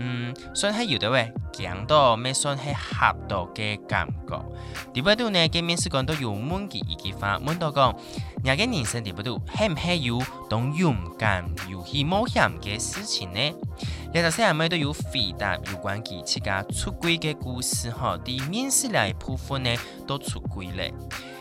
嗯，算係搖到喂，強到咩算係嚇到嘅感覺？第二 part 度呢嘅面試官都用滿熱熱氣氛，滿到講，你嘅人生第二 part 度係唔係有同勇敢、有去冒險嘅事情呢？你就先係咪都要回答有關佢啲出軌嘅故事？嗬，啲面試嚟部分呢都出軌咧。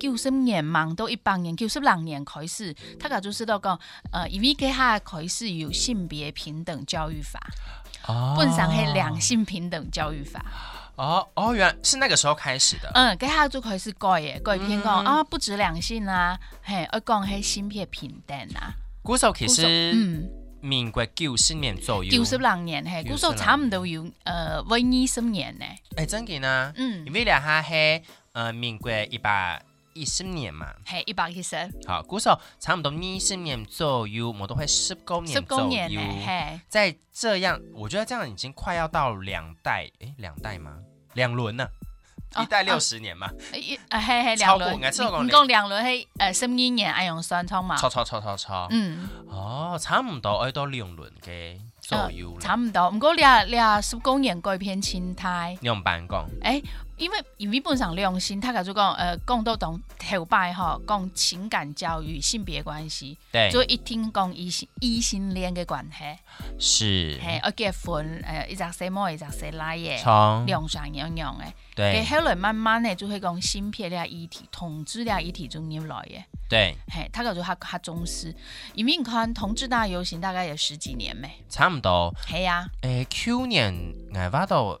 九十年忙到一百年，九十六年開始，他家就是都講，呃，因為給他開始有性別平等教育法，哦，本身是兩性平等教育法，哦哦，原來是那個時候開始的，嗯，給他就開始改嘅，改、嗯、偏講啊、哦，不止兩性啦，嘿，而講係性別平等啦。古時候其實，嗯，民國九十年左右，九十六年嘿，古時候差唔多有，呃，五二十年呢。誒、欸，真嘅呢，嗯，因為兩下係，呃，民國一百。二十年嘛，嘿，一百一十。好，鼓手差唔多二十年左右，我都會十公年左右。嘿、欸，在這樣、嗯，我覺得這樣已經快要到兩代，哎，兩代嘛，兩輪呢、啊？Oh, 一代六十年嘛？哎、uh,，嘿、uh, 嘿、hey, hey,，兩輪，一共兩輪。嘿、嗯，呃，十二年？哎，用算錯嘛？錯錯錯錯錯。嗯，哦，差唔多愛到兩輪嘅左右。差唔多，唔過你啊你啊，十公年過一片青苔。用白講，哎、欸。因為伊基本上兩性，他搞做講，呃，講到同頭擺吼，講情感教育、性別關係，對,所以一聽講異異性戀嘅關係，是，嘿，我結婚，呃，一隻細妹，一隻細男嘅，從兩雙兩樣嘅，對,後來慢慢誒，就會講新片了議題，同志了議題就黏來嘅，對,嘿，他搞做他他重視，因為你看同志大遊行大概有十幾年咪，差唔多，嘿啊，誒、欸，去年挨發到。.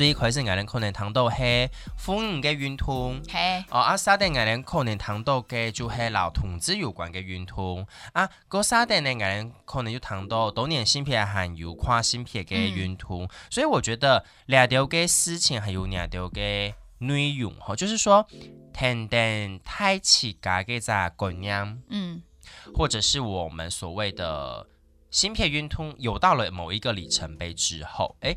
所以開始我們可能談到是婚姻嘅議題，哦啊，下底我們可能談到嘅就係老同志有關嘅議題，啊，嗰下底呢我們可能就談到當年性別含有跨性別嘅議題、嗯。所以我覺得兩條嘅事情還有兩條嘅內容，吼，就是說，談談太奇怪嘅一個觀念，嗯，或者是我們所謂的性別議題有到了某一個里程碑之後，誒、欸。